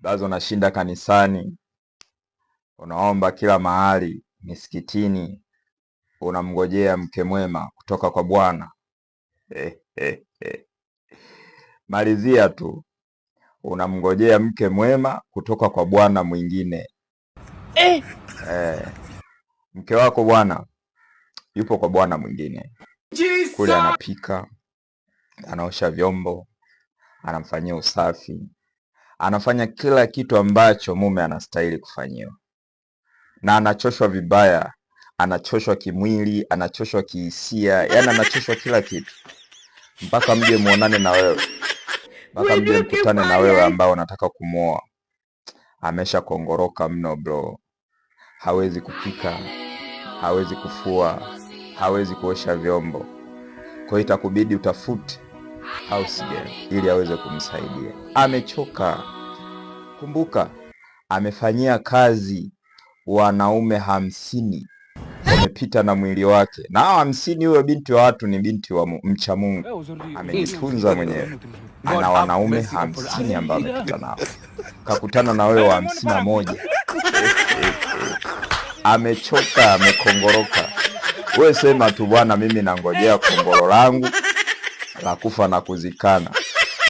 bazo unashinda kanisani, unaomba kila mahali, misikitini, unamngojea mke mwema kutoka kwa Bwana. Eh, eh, eh. Malizia tu, unamngojea mke mwema kutoka kwa bwana mwingine. Eh, eh, mke wako bwana yupo kwa bwana mwingine kule, anapika, anaosha vyombo, anamfanyia usafi anafanya kila kitu ambacho mume anastahili kufanyiwa, na anachoshwa vibaya, anachoshwa kimwili, anachoshwa kihisia, yani anachoshwa kila kitu, mpaka mje muonane na wewe, mpaka mje mkutane na wewe ambao unataka kumwoa. Amesha kuongoroka mno bro, hawezi kupika, hawezi kufua, hawezi kuosha vyombo, kwa hiyo itakubidi utafute au ili aweze kumsaidia. Amechoka. Kumbuka, amefanyia kazi wanaume hamsini wamepita na mwili wake, na hamsini, huyo binti wa watu ni binti wa mcha Mungu, amejitunza mwenyewe. Ana wanaume hamsini ambao amepita nao, kakutana na wewe wa hamsini na moja. Amechoka, amekongoroka. We sema tu bwana, mimi nangojea kongoro langu la kufa na kuzikana.